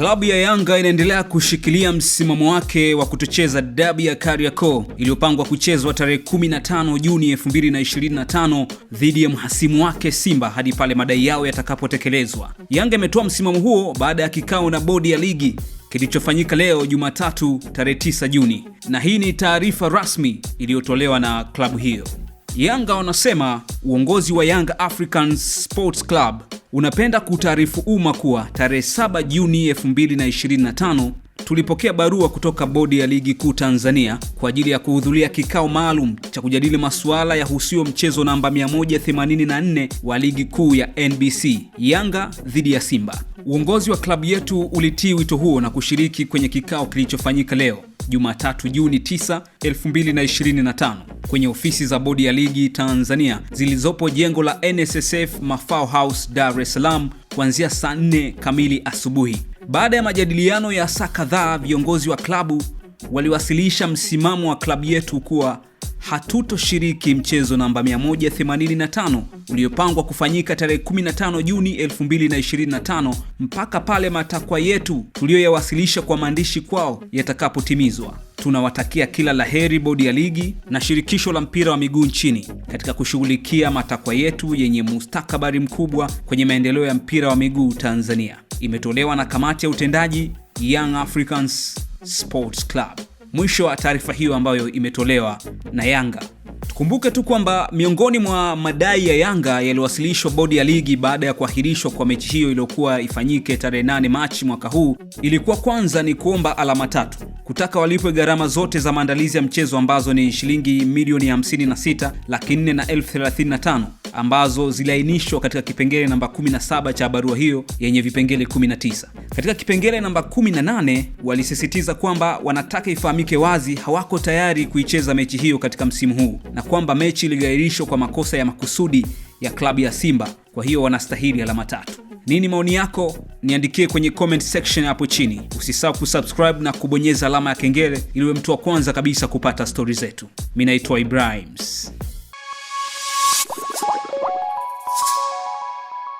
Klabu ya Yanga inaendelea kushikilia msimamo wake wa kutocheza dabi ya Kariakoo iliyopangwa kuchezwa tarehe 15 Juni 2025 dhidi ya mhasimu wake Simba hadi pale madai yao yatakapotekelezwa. Yanga imetoa msimamo huo baada ya kikao na bodi ya ligi kilichofanyika leo Jumatatu tarehe 9 Juni, na hii ni taarifa rasmi iliyotolewa na klabu hiyo. Yanga wanasema uongozi wa Yanga African Sports Club unapenda kutaarifu umma kuwa tarehe 7 Juni 2025 tulipokea barua kutoka Bodi ya Ligi Kuu Tanzania kwa ajili ya kuhudhuria kikao maalum cha kujadili masuala ya husio mchezo namba 184 wa Ligi Kuu ya NBC, Yanga dhidi ya Simba. Uongozi wa klabu yetu ulitii wito huo na kushiriki kwenye kikao kilichofanyika leo. Jumatatu Juni 9, 2025 kwenye ofisi za bodi ya ligi Tanzania zilizopo jengo la NSSF Mafao House, Dar es Salaam kuanzia saa 4 kamili asubuhi. Baada ya majadiliano ya saa kadhaa, viongozi wa klabu waliwasilisha msimamo wa klabu yetu kuwa hatutoshiriki mchezo namba 185 uliopangwa kufanyika tarehe 15 Juni 2025 mpaka pale matakwa yetu tuliyoyawasilisha kwa maandishi kwao yatakapotimizwa. Tunawatakia kila la heri bodi ya ligi na shirikisho la mpira wa miguu nchini katika kushughulikia matakwa yetu yenye mustakabali mkubwa kwenye maendeleo ya mpira wa miguu Tanzania. Imetolewa na kamati ya utendaji Young Africans Sports Club. Mwisho wa taarifa hiyo ambayo imetolewa na Yanga. Tukumbuke tu kwamba miongoni mwa madai ya Yanga yaliyowasilishwa bodi ya ligi baada ya kuahirishwa kwa mechi hiyo iliyokuwa ifanyike tarehe 8 Machi mwaka huu ilikuwa kwanza ni kuomba alama tatu, kutaka walipwe gharama zote za maandalizi ya mchezo ambazo ni shilingi milioni 56 laki 4 na elfu 35 ambazo ziliainishwa katika kipengele namba 17 cha barua hiyo yenye vipengele 19. Katika kipengele namba 18 walisisitiza kwamba wanataka ifahamike wazi hawako tayari kuicheza mechi hiyo katika msimu huu na kwamba mechi iligairishwa kwa makosa ya makusudi ya klabu ya Simba, kwa hiyo wanastahili alama tatu. Nini maoni yako? Niandikie kwenye comment section hapo chini. Usisahau kusubscribe na kubonyeza alama ya kengele ili uwe mtu wa kwanza kabisa kupata stori zetu. Mi naitwa Ibrahims.